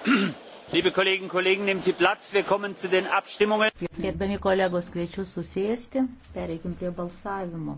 Liebe Kolleginnen und Kollegen, nehmen Sie Platz, wir kommen zu den Abstimmungen. Gerbiami kolegos, kviečiu susėsti, pereikim prie balsavimo.